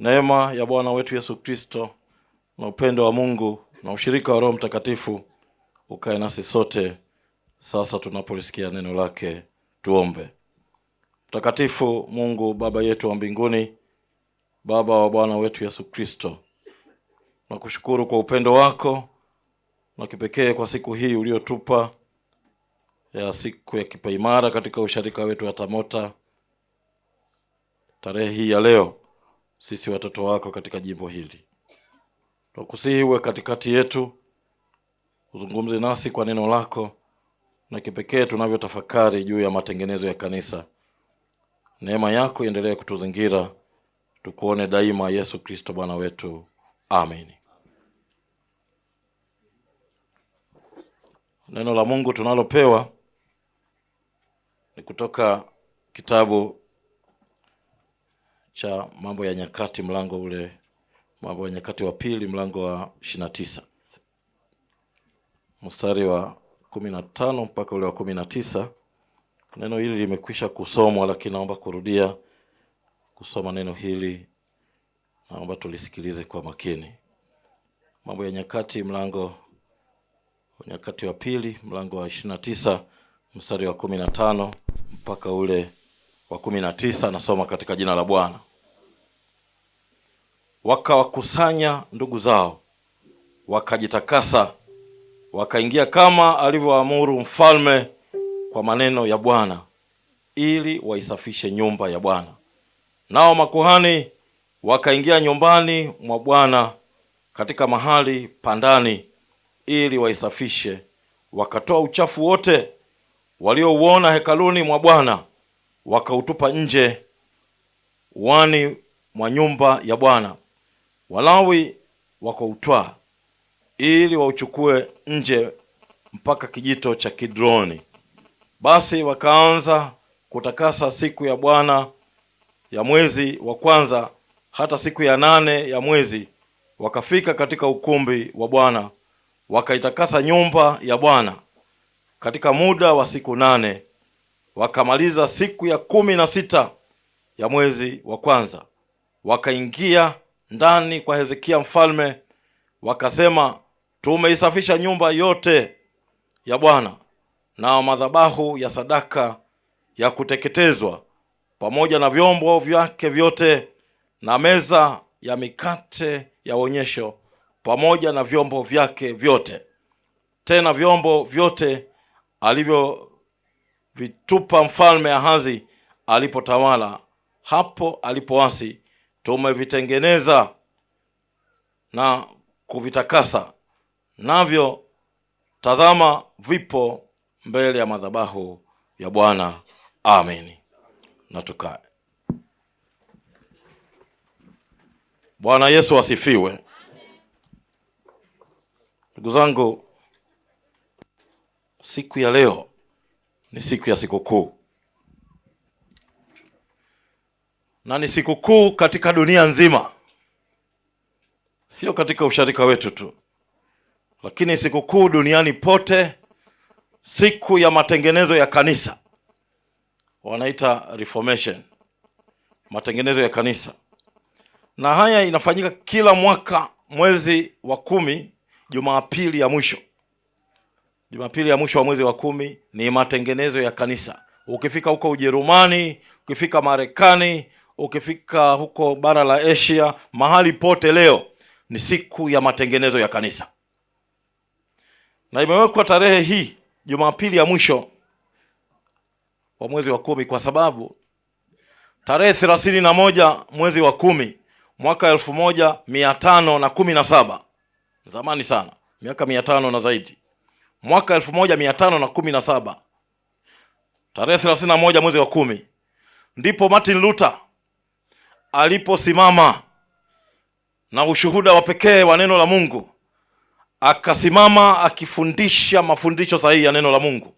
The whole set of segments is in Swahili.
Neema ya Bwana wetu Yesu Kristo na upendo wa Mungu na ushirika wa Roho Mtakatifu ukae nasi sote sasa tunapolisikia neno lake. Tuombe. Mtakatifu Mungu Baba yetu wa mbinguni, Baba wa Bwana wetu Yesu Kristo, nakushukuru kwa upendo wako na kipekee kwa siku hii uliotupa ya siku ya kipaimara katika usharika wetu wa TAMOTA tarehe hii ya leo sisi watoto wako katika jimbo hili. Tunakusihi uwe katikati yetu, uzungumze nasi kwa neno lako, na kipekee tunavyotafakari juu ya matengenezo ya kanisa. Neema yako iendelee kutuzingira, tukuone daima. Yesu Kristo Bwana wetu, amini. Neno la Mungu tunalopewa ni kutoka kitabu cha Mambo ya Nyakati mlango ule, Mambo ya Nyakati wa pili mlango wa ishirini tisa mstari wa kumi na tano mpaka ule wa kumi na tisa. Neno hili limekwisha kusomwa, lakini naomba kurudia kusoma neno hili, naomba tulisikilize kwa makini. Mambo ya Nyakati mlango wa Nyakati wa pili mlango wa ishirina tisa mstari wa kumi na tano mpaka ule wa kumi na tisa. Nasoma katika jina la Bwana wakawakusanya ndugu zao, wakajitakasa, wakaingia kama alivyoamuru mfalme kwa maneno ya Bwana, ili waisafishe nyumba ya Bwana. Nao makuhani wakaingia nyumbani mwa Bwana katika mahali pandani ili waisafishe, wakatoa uchafu wote waliouona hekaluni mwa Bwana wakautupa nje wani mwa nyumba ya Bwana. Walawi wakautwaa ili wauchukue nje mpaka kijito cha Kidroni. Basi wakaanza kutakasa siku ya Bwana ya mwezi wa kwanza hata siku ya nane ya mwezi, wakafika katika ukumbi wa Bwana wakaitakasa nyumba ya Bwana katika muda wa siku nane. Wakamaliza siku ya kumi na sita ya mwezi wa kwanza, wakaingia ndani kwa Hezekia mfalme, wakasema, tumeisafisha nyumba yote ya Bwana na madhabahu ya sadaka ya kuteketezwa pamoja na vyombo vyake vyote na meza ya mikate ya onyesho pamoja na vyombo vyake vyote. Tena vyombo vyote alivyovitupa mfalme Ahazi alipotawala, hapo alipoasi tumevitengeneza na kuvitakasa, navyo tazama vipo mbele ya madhabahu ya Bwana. amen na tukae. Bwana Yesu asifiwe. Ndugu zangu, siku ya leo ni siku ya sikukuu. na ni sikukuu katika dunia nzima, sio katika usharika wetu tu, lakini sikukuu duniani pote, siku ya matengenezo ya kanisa, wanaita reformation, matengenezo ya kanisa. Na haya inafanyika kila mwaka mwezi wa kumi, Jumapili ya mwisho. Jumapili ya mwisho wa mwezi wa kumi ni matengenezo ya kanisa. Ukifika huko Ujerumani, ukifika Marekani ukifika huko bara la Asia, mahali pote leo ni siku ya matengenezo ya kanisa, na imewekwa tarehe hii Jumapili ya mwisho wa mwezi wa kumi kwa sababu tarehe thelathini na moja mwezi wa kumi mwaka elfu moja mia tano na kumi na saba zamani sana, miaka mia tano na zaidi, mwaka elfu moja mia tano na kumi na saba tarehe thelathini na moja mwezi wa kumi ndipo Martin Luther aliposimama na ushuhuda wa pekee wa neno la Mungu, akasimama akifundisha mafundisho sahihi ya neno la Mungu,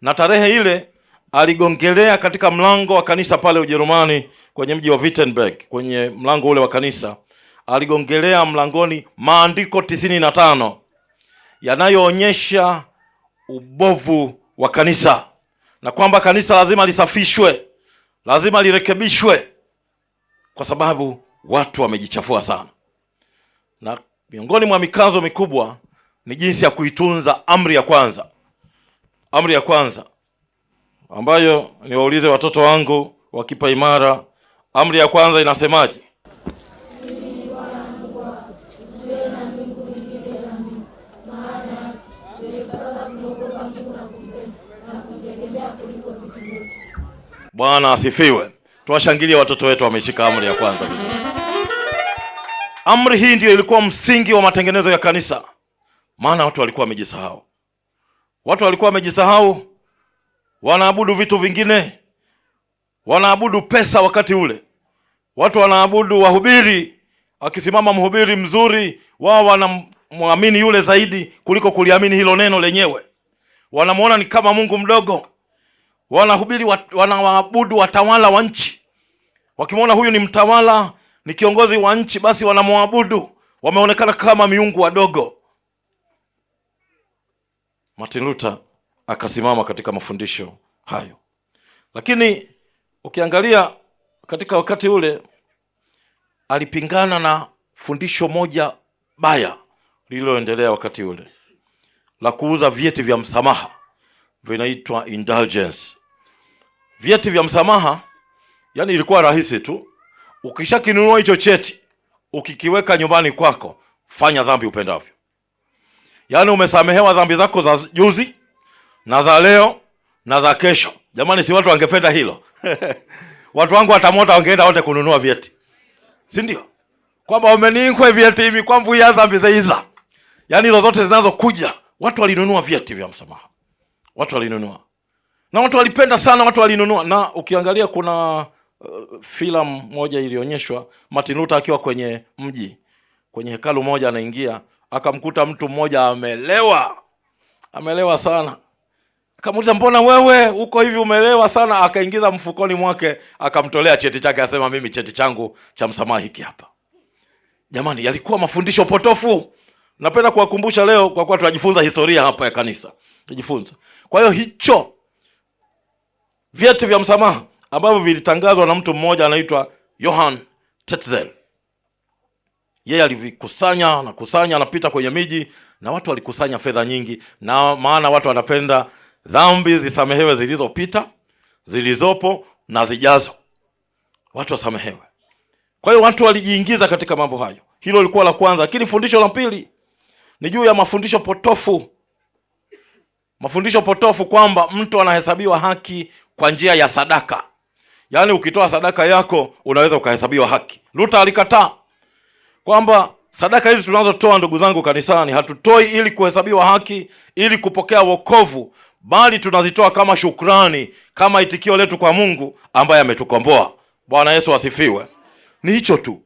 na tarehe ile aligongelea katika mlango wa kanisa pale Ujerumani, kwenye mji wa Wittenberg, kwenye mlango ule wa kanisa aligongelea mlangoni maandiko tisini na tano yanayoonyesha ubovu wa kanisa na kwamba kanisa lazima lisafishwe, lazima lirekebishwe kwa sababu watu wamejichafua sana, na miongoni mwa mikazo mikubwa ni jinsi ya kuitunza amri ya kwanza. Amri ya kwanza ambayo niwaulize watoto wangu wakipa imara, amri ya kwanza inasemaje? Bwana asifiwe tuwashangilie watoto wetu wameshika amri ya kwanza Amri hii ndio ilikuwa msingi wa matengenezo ya kanisa, maana watu walikuwa wamejisahau, watu walikuwa wamejisahau, wanaabudu vitu vingine, wanaabudu pesa. Wakati ule watu wanaabudu wahubiri, akisimama mhubiri mzuri, wao wanamwamini yule zaidi kuliko kuliamini hilo neno lenyewe, wanamuona ni kama Mungu mdogo, wanahubiri, wanawaabudu watawala wa nchi wakimwona huyu ni mtawala, ni kiongozi wa nchi, basi wanamwabudu. Wameonekana kama miungu wadogo. Martin Luther akasimama katika mafundisho hayo, lakini ukiangalia katika wakati ule alipingana na fundisho moja baya lililoendelea wakati ule la kuuza vyeti vya msamaha, vinaitwa indulgence. Vyeti vya msamaha yani ilikuwa rahisi tu, ukishakinunua hicho cheti, ukikiweka nyumbani kwako, fanya dhambi upendavyo. Yaani umesamehewa dhambi zako za juzi na za leo na za kesho. Jamani, si watu wangependa hilo? watu wangu watamota, wangeenda wote kununua vyeti, si ndio? Kwamba umeninkwe vyeti hivi kwa ya dhambi zaiza, yaani hizo zote zinazokuja. Watu walinunua vyeti vya msamaha, watu walinunua na watu walipenda sana, watu walinunua. Na ukiangalia kuna uh, filamu moja ilionyeshwa Martin Luther akiwa kwenye mji kwenye hekalu moja, anaingia akamkuta mtu mmoja amelewa, amelewa sana. Akamuuliza, mbona wewe uko hivi umelewa sana? Akaingiza mfukoni mwake akamtolea cheti chake, asema mimi cheti changu cha msamaha hiki hapa. Jamani, yalikuwa mafundisho potofu. Napenda kuwakumbusha leo kwa kuwa tunajifunza historia hapa ya kanisa, tujifunza. Kwa hiyo hicho vyeti vya msamaha ambavyo vilitangazwa na mtu mmoja anaitwa Johann Tetzel. Yeye alivikusanya na kusanya, anapita kwenye miji na watu walikusanya fedha nyingi, na maana watu wanapenda dhambi zisamehewe, zilizopita, zilizopo na zijazo, watu wasamehewe. Kwa hiyo watu walijiingiza katika mambo hayo. Hilo lilikuwa la kwanza, lakini fundisho la pili ni juu ya mafundisho potofu. Mafundisho potofu kwamba mtu anahesabiwa haki kwa njia ya sadaka. Yaani ukitoa sadaka yako unaweza ukahesabiwa haki. Luther alikataa kwamba sadaka hizi tunazotoa ndugu zangu kanisani, hatutoi ili kuhesabiwa haki, ili kupokea wokovu, bali tunazitoa kama shukrani, kama itikio letu kwa Mungu ambaye ametukomboa. Bwana Yesu asifiwe. Ni hicho tu,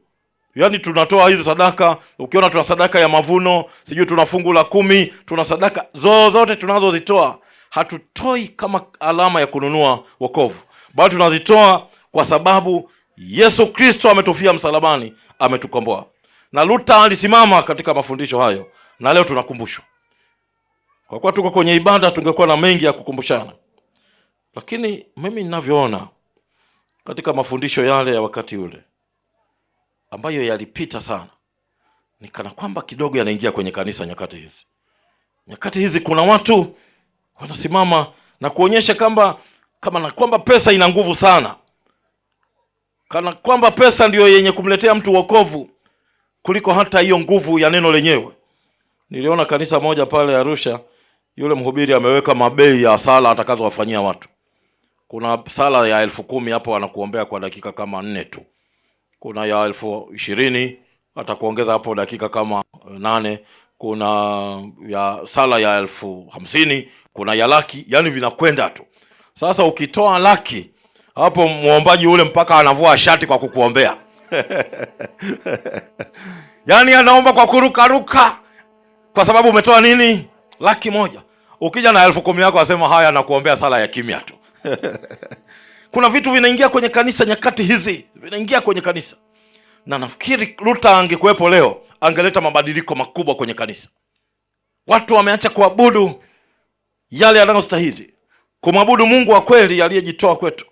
yaani tunatoa hizi sadaka. Ukiona tuna sadaka ya mavuno, sijui tuna fungu la kumi, tuna sadaka zozote tunazozitoa, hatutoi kama alama ya kununua wokovu bali tunazitoa kwa sababu Yesu Kristo ametufia msalabani, ametukomboa. Na Luther alisimama katika mafundisho hayo, na leo tunakumbushwa. Kwa kuwa tuko kwenye ibada, tungekuwa na mengi ya kukumbushana, lakini mimi ninavyoona katika mafundisho yale ya wakati ule ambayo yalipita sana, ni kana kwamba kidogo yanaingia kwenye kanisa nyakati hizi. Nyakati hizi kuna watu wanasimama na kuonyesha kwamba kama na kwamba pesa ina nguvu sana, kana kwamba pesa ndiyo yenye kumletea mtu wokovu kuliko hata hiyo nguvu ya neno lenyewe. Niliona kanisa moja pale Arusha, yule mhubiri ameweka mabei ya sala atakazowafanyia watu. Kuna sala ya elfu kumi hapo anakuombea kwa dakika kama nne tu, kuna ya elfu ishirini atakuongeza hapo dakika kama eh, nane, kuna ya sala ya elfu hamsini, kuna ya laki, yani vinakwenda tu. Sasa ukitoa laki hapo, muombaji ule mpaka anavua shati kwa kukuombea yaani anaomba kwa kurukaruka, kwa sababu umetoa nini? Laki moja. Ukija na elfu kumi yako asema haya, nakuombea sala ya kimya tu kuna vitu vinaingia kwenye kanisa nyakati hizi, vinaingia kwenye kanisa, na nafikiri luta angekuwepo leo angeleta mabadiliko makubwa kwenye kanisa. Watu wameacha kuabudu yale yanayostahili kumwabudu Mungu wa kweli aliyejitoa kwetu,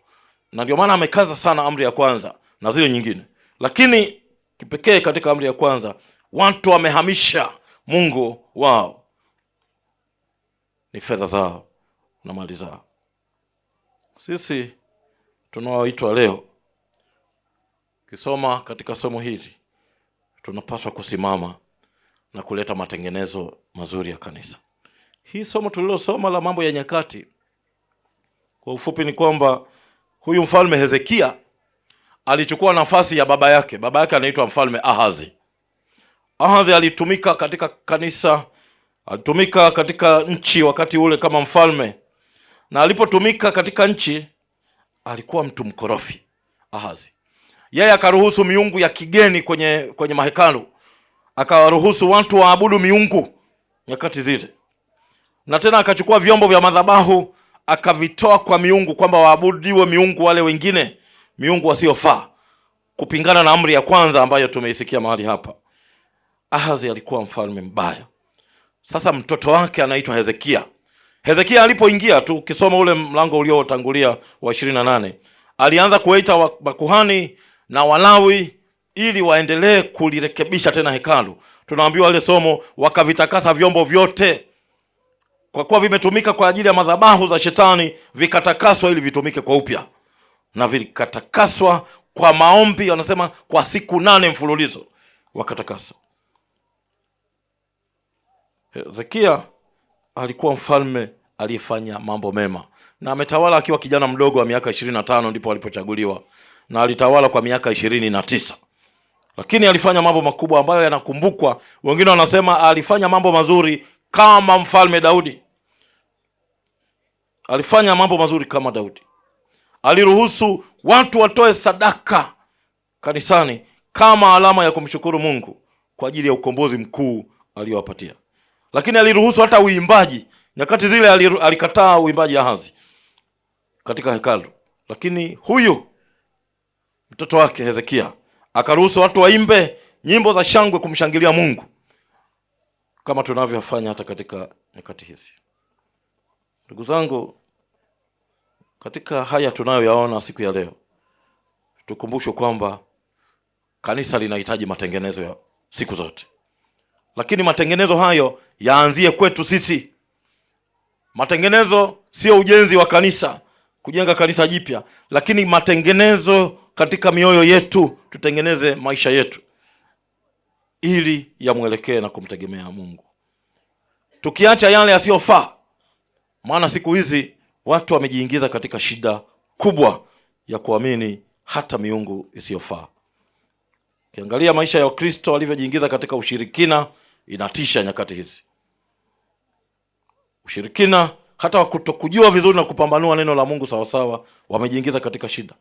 na ndio maana amekaza sana amri ya kwanza na zile nyingine, lakini kipekee katika amri ya kwanza watu wamehamisha Mungu wao, ni fedha zao na mali zao. Sisi tunaoitwa leo kisoma katika somo hili, tunapaswa kusimama na kuleta matengenezo mazuri ya kanisa. Hii somo tulilosoma la Mambo ya Nyakati kwa ufupi ni kwamba huyu mfalme Hezekia alichukua nafasi ya baba yake. Baba yake anaitwa mfalme Ahazi. Ahazi alitumika katika kanisa, alitumika katika nchi wakati ule kama mfalme, na alipotumika katika nchi alikuwa mtu mkorofi. Ahazi yeye akaruhusu miungu ya kigeni kwenye kwenye mahekalu, akawaruhusu watu waabudu miungu nyakati zile, na tena akachukua vyombo vya madhabahu akavitoa kwa miungu kwamba waabudiwe miungu wale wengine, miungu wasiofaa, kupingana na amri ya kwanza ambayo tumeisikia mahali hapa. Ahazi alikuwa mfalme mbaya. Sasa mtoto wake anaitwa Hezekia. Hezekia alipoingia tu, ukisoma ule mlango uliotangulia wa ishirini na nane, alianza kuwaita makuhani na Walawi ili waendelee kulirekebisha tena hekalu. Tunaambiwa ile somo, wakavitakasa vyombo vyote kwa kuwa vimetumika kwa ajili ya madhabahu za Shetani, vikatakaswa ili vitumike kwa upya, na vikatakaswa kwa maombi, wanasema kwa siku nane mfululizo wakatakaswa. Hezekia alikuwa mfalme aliyefanya mambo mema na ametawala akiwa kijana mdogo wa miaka ishirini na tano ndipo alipochaguliwa na alitawala kwa miaka ishirini na tisa lakini alifanya mambo makubwa ambayo yanakumbukwa. Wengine wanasema alifanya mambo mazuri kama mfalme Daudi. Alifanya mambo mazuri kama Daudi. Aliruhusu watu watoe sadaka kanisani kama alama ya kumshukuru Mungu kwa ajili ya ukombozi mkuu aliyowapatia. Lakini aliruhusu hata uimbaji. Nyakati zile alikataa uimbaji Ahazi katika hekalu, lakini huyu mtoto wake Hezekia akaruhusu watu waimbe nyimbo za shangwe kumshangilia Mungu kama tunavyofanya hata katika nyakati hizi ndugu zangu katika haya tunayoyaona siku ya leo tukumbushwe kwamba kanisa linahitaji matengenezo ya siku zote lakini matengenezo hayo yaanzie kwetu sisi matengenezo sio ujenzi wa kanisa kujenga kanisa jipya lakini matengenezo katika mioyo yetu tutengeneze maisha yetu ili yamwelekee na kumtegemea Mungu, tukiacha yale yasiyofaa. Maana siku hizi watu wamejiingiza katika shida kubwa ya kuamini hata miungu isiyofaa. Ukiangalia maisha ya Wakristo alivyojiingiza katika ushirikina, inatisha nyakati hizi. Ushirikina hata wakutokujua vizuri na kupambanua neno la Mungu sawasawa, wamejiingiza katika shida,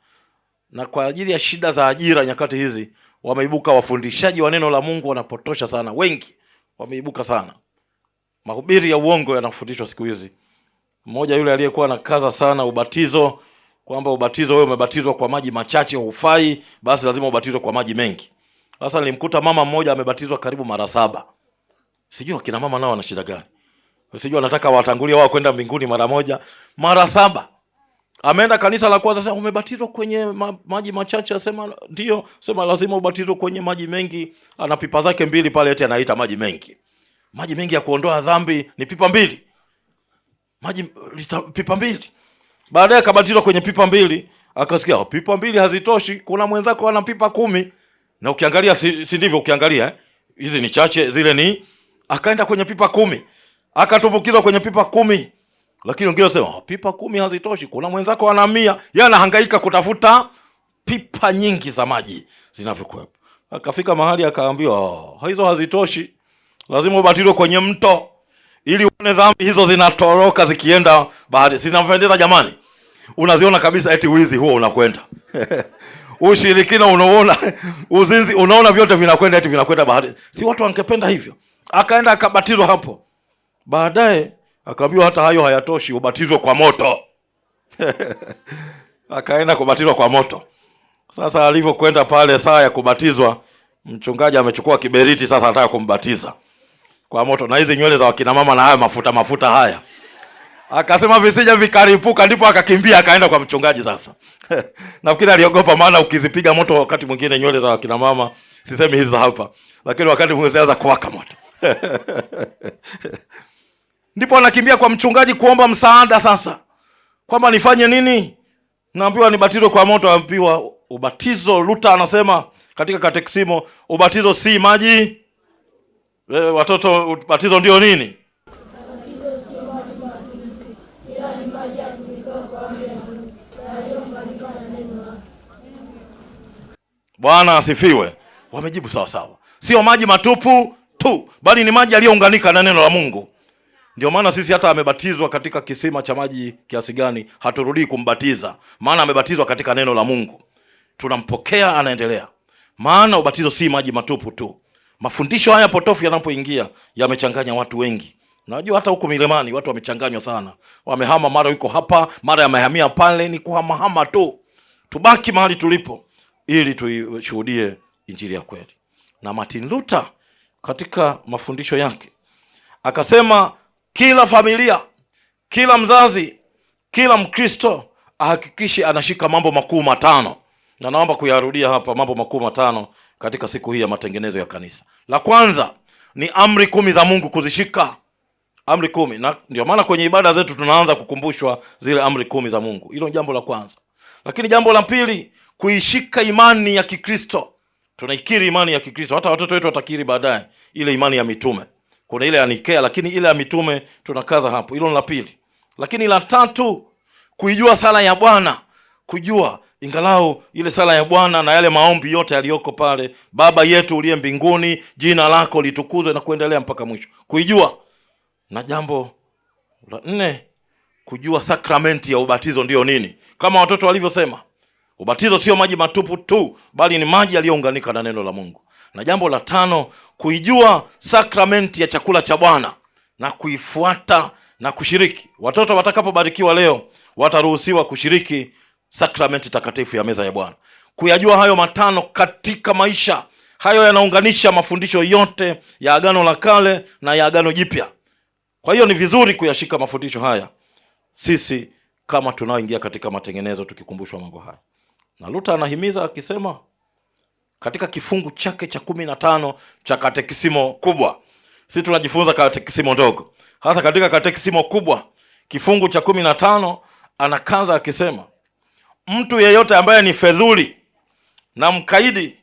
na kwa ajili ya shida za ajira nyakati hizi wameibuka wafundishaji wa neno la Mungu, wanapotosha sana, wengi wameibuka sana. Mahubiri ya uongo yanafundishwa siku hizi. Mmoja yule aliyekuwa na kaza sana ubatizo, kwamba ubatizo, wewe umebatizwa kwa maji machache hufai, basi lazima ubatizwe kwa maji mengi. Sasa nilimkuta mama mmoja amebatizwa karibu mara saba. Sijui akina mama nao wana shida gani? Sijui anataka watangulia wao kwenda mbinguni mara moja, mara saba ameenda kanisa la kwanza, sema umebatizwa kwenye ma, maji machache, asema ndio, sema lazima ubatizwe kwenye maji mengi. Ana pipa zake mbili pale, eti anaita maji mengi. Maji mengi ya kuondoa dhambi ni pipa mbili, maji lita, pipa mbili. Baadaye akabatizwa kwenye pipa mbili, akasikia oh, pipa mbili hazitoshi, kuna mwenzako ana pipa kumi. Na ukiangalia si, si ndivyo? Ukiangalia eh? hizi eh, ni chache, zile ni, akaenda kwenye pipa kumi, akatumbukizwa kwenye pipa kumi lakini wengine wanasema oh, pipa kumi hazitoshi, kuna mwenzako anamia mia, yeye anahangaika kutafuta pipa nyingi za maji zinavyokuwepo. Akafika mahali akaambiwa oh, hizo hazitoshi, lazima ubatizwe kwenye mto ili uone dhambi hizo zinatoroka zikienda bahari. Sinampendeza jamani, unaziona kabisa eti wizi huo unakwenda ushirikina unaona, uzinzi unaona, vyote vinakwenda eti vinakwenda bahari. Si watu wangependa hivyo? Akaenda akabatizwa hapo, baadaye Akaambiwa hata hayo hayatoshi, ubatizwe kwa moto akaenda kubatizwa kwa moto. Sasa alivyokwenda pale, saa ya kubatizwa, mchungaji amechukua kiberiti, sasa anataka kumbatiza kwa moto, na hizi nywele za wakina mama na haya mafuta mafuta haya, akasema visija vikaripuka, ndipo akakimbia akaenda kwa mchungaji. Sasa nafikiri aliogopa, maana ukizipiga moto wakati mwingine nywele za wakina mama, sisemi hizi hapa, lakini wakati mwingine zinaweza kuwaka moto Ndipo anakimbia kwa mchungaji kuomba msaada sasa, kwamba nifanye nini? Naambiwa nibatizwe kwa moto. Ambiwa ubatizo, luta anasema katika kateksimo ubatizo si maji e, watoto, ubatizo ndio nini? Bwana asifiwe. Wamejibu sawasawa, sio maji matupu tu, bali ni maji yaliyounganika na neno la Mungu. Ndio maana sisi hata amebatizwa katika kisima cha maji kiasi gani, haturudii kumbatiza, maana amebatizwa katika neno la Mungu, tunampokea anaendelea. Maana ubatizo si maji matupu tu. Mafundisho haya potofu yanapoingia, yamechanganya watu wengi. Najua hata huko milimani watu wamechanganywa sana, wamehama, mara yuko hapa, mara yamehamia pale, ni kuhamahama tu. Tubaki mahali tulipo ili tuishuhudie injili ya kweli. Na Martin Luther katika mafundisho yake akasema kila familia, kila mzazi, kila Mkristo ahakikishe anashika mambo makuu matano, na naomba kuyarudia hapa mambo makuu matano katika siku hii ya matengenezo ya kanisa. La kwanza ni amri kumi za Mungu kuzishika, amri kumi, na ndio maana kwenye ibada zetu tunaanza kukumbushwa zile amri kumi za Mungu. Hilo ni jambo la kwanza, lakini jambo la pili kuishika imani ya Kikristo. Tunaikiri imani ya Kikristo, hata watoto wetu watakiri baadaye ile imani ya mitume kuna ile ya Nikea, lakini ile ya mitume tunakaza hapo. Hilo la pili, lakini la tatu, kuijua sala ya Bwana, kujua ingalau ile sala ya Bwana na yale maombi yote yaliyoko pale, Baba yetu uliye mbinguni, jina lako litukuzwe na kuendelea mpaka mwisho, kuijua. Na jambo la nne, kujua sakramenti ya ubatizo ndiyo nini, kama watoto walivyosema, ubatizo sio maji matupu tu, bali ni maji yaliyounganika na neno la Mungu. Na jambo la tano, kuijua sakramenti ya chakula cha Bwana na kuifuata na kushiriki. Watoto watakapobarikiwa leo wataruhusiwa kushiriki sakramenti takatifu ya meza ya Bwana. Kuyajua hayo matano katika maisha hayo yanaunganisha mafundisho yote ya Agano la Kale na ya Agano Jipya. Kwa hiyo ni vizuri kuyashika mafundisho haya sisi kama tunaoingia katika matengenezo, tukikumbushwa mambo haya, na luta anahimiza akisema katika kifungu chake cha kumi na tano cha katekisimo kubwa. Sisi tunajifunza katekisimo ndogo, hasa katika katekisimo kubwa kifungu cha kumi na tano anakaza akisema, mtu yeyote ambaye ni fedhuli na mkaidi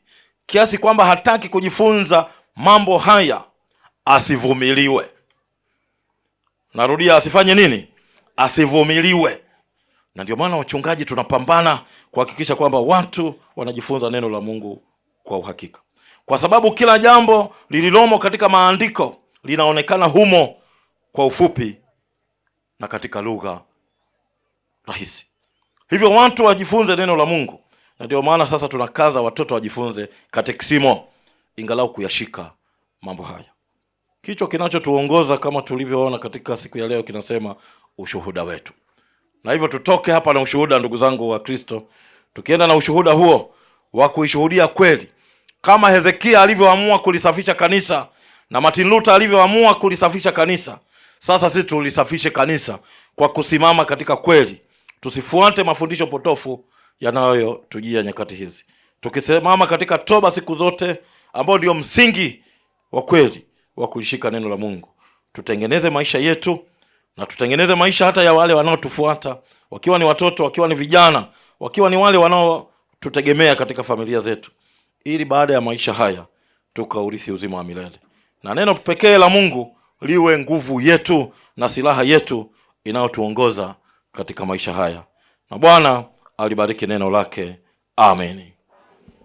kiasi kwamba hataki kujifunza mambo haya asivumiliwe. Narudia, asifanye nini? Asivumiliwe. Na ndio maana wachungaji tunapambana kuhakikisha kwamba watu wanajifunza neno la Mungu kwa uhakika, kwa sababu kila jambo lililomo katika maandiko linaonekana humo kwa ufupi na katika lugha rahisi. Hivyo watu wajifunze neno la Mungu, na ndio maana sasa tunakaza watoto wajifunze katekisimo, ingalau kuyashika mambo haya. Kichwa kinachotuongoza kama tulivyoona katika siku ya leo kinasema ushuhuda wetu, na hivyo tutoke hapa na ushuhuda, ndugu zangu wa Kristo, tukienda na ushuhuda huo wa kuishuhudia kweli kama Hezekia alivyoamua kulisafisha kanisa na Martin Luther alivyoamua kulisafisha kanisa, sasa sisi tulisafishe kanisa kwa kusimama katika kweli. Tusifuate mafundisho potofu yanayotujia nyakati hizi, tukisimama katika toba siku zote, ambao ndio msingi wa kweli wa kuishika neno la Mungu. Tutengeneze maisha yetu na tutengeneze maisha hata ya wale wanaotufuata, wakiwa ni watoto, wakiwa ni vijana, wakiwa ni wale wanaotutegemea katika familia zetu ili baada ya maisha haya tukaurithi uzima wa milele, na neno pekee la Mungu liwe nguvu yetu na silaha yetu inayotuongoza katika maisha haya. Na Bwana alibariki neno lake, ameni.